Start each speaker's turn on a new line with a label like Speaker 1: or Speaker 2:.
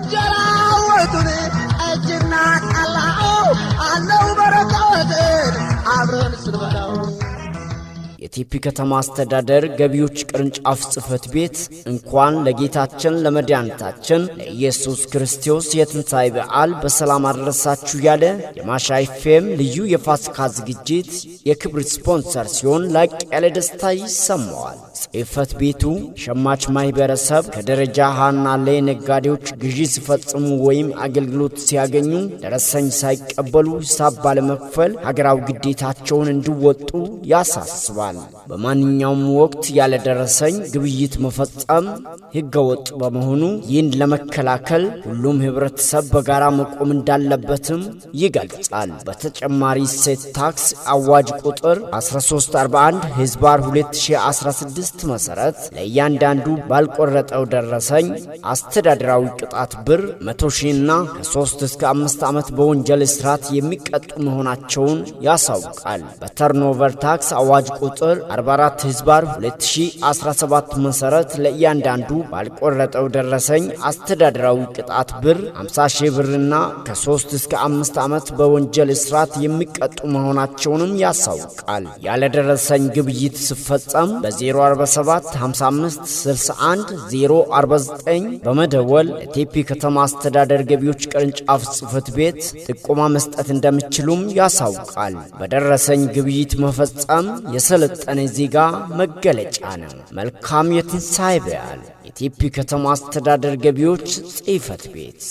Speaker 1: እንጀራወቱን እጅና አለው አብረን ስንበላው የቴፒ ከተማ አስተዳደር ገቢዎች ቅርንጫፍ ጽፈት ቤት እንኳን ለጌታችን ለመድኃኒታችን ለኢየሱስ ክርስቶስ የትንሣኤ በዓል በሰላም አደረሳችሁ ያለ የማሻ ኤፍኤም ልዩ የፋሲካ ዝግጅት የክብር ስፖንሰር ሲሆን ላቅ ያለ ደስታ ይሰማዋል። ጽሕፈት ቤቱ ሸማች ማኅበረሰብ ከደረጃ ሃና ላይ ነጋዴዎች ግዢ ሲፈጽሙ ወይም አገልግሎት ሲያገኙ ደረሰኝ ሳይቀበሉ ሂሳብ ባለመክፈል ሀገራዊ ግዴታቸውን እንዲወጡ ያሳስባል። በማንኛውም ወቅት ያለ ደረሰኝ ግብይት መፈጸም ሕገወጥ በመሆኑ ይህን ለመከላከል ሁሉም ኅብረተሰብ በጋራ መቆም እንዳለበትም ይገልጻል። በተጨማሪ እሴት ታክስ አዋጅ ቁጥር 1341 ህዝባር 2016 ትዕግስት መሰረት ለእያንዳንዱ ባልቆረጠው ደረሰኝ አስተዳደራዊ ቅጣት ብር መቶ ሺህና ከሶስት እስከ አምስት ዓመት በወንጀል እስራት የሚቀጡ መሆናቸውን ያሳውቃል። በተርኖቨር ታክስ አዋጅ ቁጥር 44 ህዝባር 2017 መሰረት ለእያንዳንዱ ባልቆረጠው ደረሰኝ አስተዳደራዊ ቅጣት ብር 50 ሺህ ብርና ከሶስት እስከ አምስት ዓመት በወንጀል እስራት የሚቀጡ መሆናቸውንም ያሳውቃል። ያለደረሰኝ ግብይት ሲፈጸም በ0 07 በመደወል ቴፒ ከተማ አስተዳደር ገቢዎች ቅርንጫፍ ጽህፈት ቤት ጥቆማ መስጠት እንደሚችሉም ያሳውቃል። በደረሰኝ ግብይት መፈጸም የሰለጠነ ዜጋ መገለጫ ነው። መልካም የትንሣኤ በዓል! የቴፒ ከተማ አስተዳደር ገቢዎች ጽህፈት ቤት